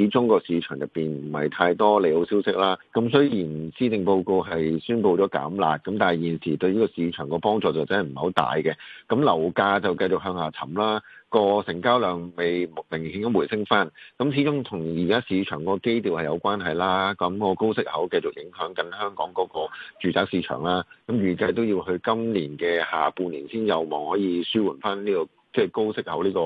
始終個市場入邊唔係太多利好消息啦。咁雖然施政報告係宣布咗減辣，咁但係現時對呢個市場個幫助就真係唔係好大嘅。咁樓價就繼續向下沉啦，個成交量未明顯咁回升翻。咁始終同而家市場個基調係有關係啦。咁個高息口繼續影響緊香港嗰個住宅市場啦。咁預計都要去今年嘅下半年先有望可以舒緩翻呢個。即係高息口呢個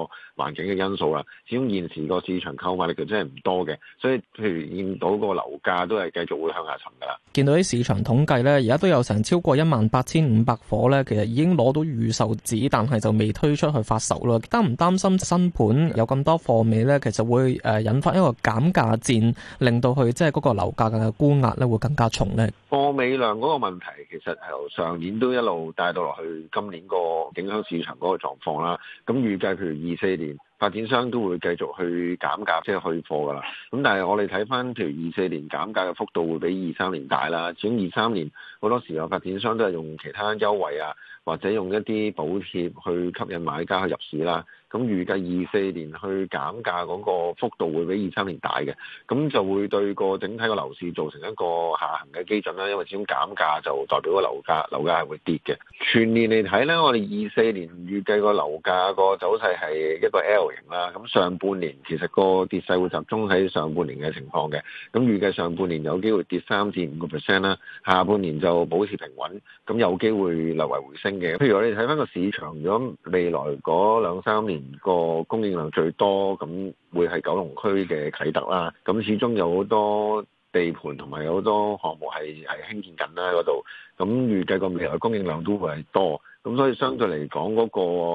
環境嘅因素啦，始終現時個市場購買力其實真係唔多嘅，所以譬如見到個樓價都係繼續會向下沉㗎。見到啲市場統計咧，而家都有成超過一萬八千五百夥咧，其實已經攞到預售紙，但係就未推出去發售啦。擔唔擔心新盤有咁多貨尾咧，其實會誒引發一個減價戰，令到佢即係嗰個樓價嘅沽壓咧會更加重咧？貨尾量嗰個問題其實係由上年都一路帶到落去今年個影響市場嗰個狀況啦。咁預計譬如二四年，發展商都會繼續去減價，即係去貨㗎啦。咁但係我哋睇翻譬如二四年減價嘅幅度會比二三年大啦。始終二三年好多時候發展商都係用其他優惠啊，或者用一啲補貼去吸引買家去入市啦。咁預計二四年去減價嗰個幅度會比二三年大嘅，咁就會對個整體個樓市造成一個下行嘅基準啦。因為始終減價就代表個樓價，樓價係會跌嘅。全年嚟睇咧，我哋二四年預計個樓價個走勢係一個 L 啦，咁上半年其實個跌勢會集中喺上半年嘅情況嘅，咁預計上半年有機會跌三至五個 percent 啦，下半年就保持平穩，咁有機會略為回，回升嘅。譬如我哋睇返個市場，如果未來嗰兩三年個供應量最多，咁會係九龍區嘅啟德啦，咁始終有好多。地盤同埋好多項目係係興建緊啦嗰度，咁預計個未來供應量都會係多，咁所以相對嚟講嗰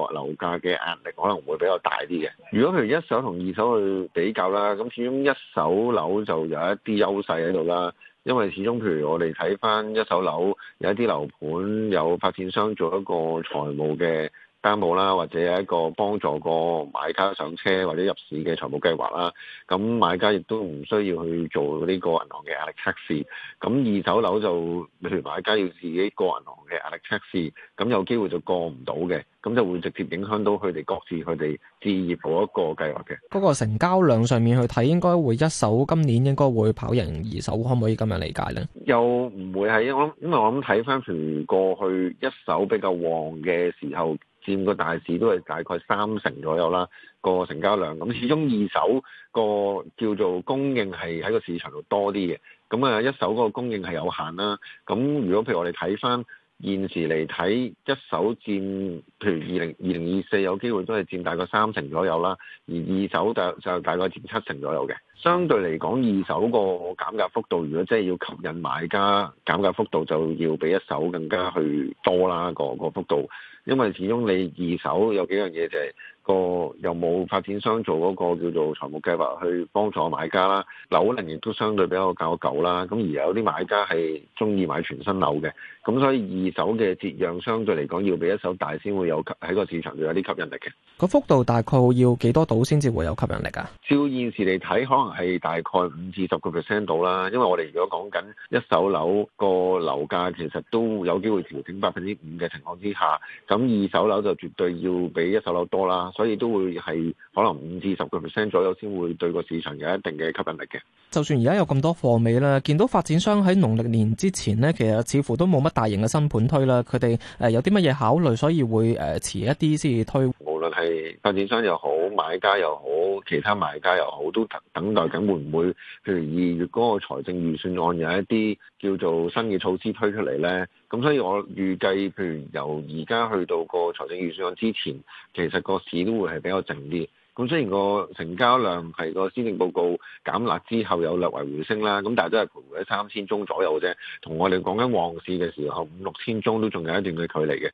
個樓價嘅壓力可能會比較大啲嘅。如果譬如一手同二手去比較啦，咁始終一手樓就有一啲優勢喺度啦，因為始終譬如我哋睇返一手樓，有一啲樓盤有發展商做一個財務嘅。擔保啦，或者係一個幫助個買家上車或者入市嘅財務計劃啦。咁買家亦都唔需要去做呢個銀行嘅壓力測試。咁二手樓就，譬如話，買家要自己過銀行嘅壓力測試，咁有機會就過唔到嘅，咁就會直接影響到佢哋各自佢哋置業嗰一個計劃嘅。不過嗰個成交量上面去睇，應該會一手今年應該會跑贏二手，可唔可以咁樣理解咧？又唔會係，我諗，因為我諗睇返成過去一手比較旺嘅時候。佔個大市都係大概三成左右啦，個成交量，咁，始終二手個叫做供應係喺個市場度多啲嘅，咁啊一手嗰個供應係有限啦。咁如果譬如我哋睇翻現時嚟睇，一手佔譬如二零二零二四有機會都係佔大概三成左右啦，而二手就就大概佔七成左右嘅。相對嚟講，二手個減價幅度，如果真係要吸引買家，減價幅度就要比一手更加去多啦，個、那個幅度。因為始終你二手有幾樣嘢就係個又冇發展商做嗰個叫做財務計劃去幫助買家啦，樓齡亦都相對比較較舊啦。咁而有啲買家係中意買全新樓嘅，咁所以二手嘅折讓相對嚟講要比一手大，先會有吸喺個市場就有啲吸引力嘅。個幅度大概要幾多度先至會有吸引力啊？照現時嚟睇，可能。係大概五至十個 percent 到啦，因為我哋如果講緊一手樓個樓價其實都有機會調整百分之五嘅情況之下，咁二手樓就絕對要比一手樓多啦，所以都會係可能五至十個 percent 左右先會對個市場有一定嘅吸引力嘅。就算而家有咁多貨尾啦，見到發展商喺農曆年之前咧，其實似乎都冇乜大型嘅新盤推啦，佢哋誒有啲乜嘢考慮，所以會誒遲一啲先推。無論係發展商又好，買家又好。其他買家又好，都等等待緊會唔會，譬如二月嗰個財政預算案有一啲叫做新嘅措施推出嚟呢？咁所以我預計，譬如由而家去到個財政預算案之前，其實個市都會係比較靜啲。咁雖然個成交量係個施政報告減辣之後有略為回升啦，咁但係都係徘徊喺三千宗左右啫。同我哋講緊旺市嘅時候，五六千宗都仲有一定嘅距離嘅。